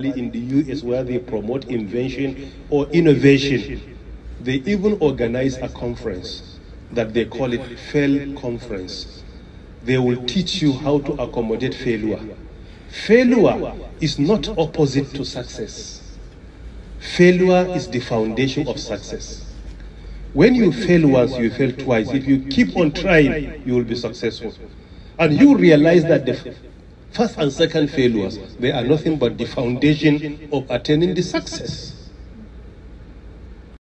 in the US where they promote invention or innovation. They even organize a conference that they call it FAIL conference. They will teach you how to accommodate failure. Failure is not opposite to success. Failure is the foundation of success. When you fail once, you fail twice. If you keep on trying, you will be successful. And you realize that the First and second failures, they are nothing but the foundation of attaining the success.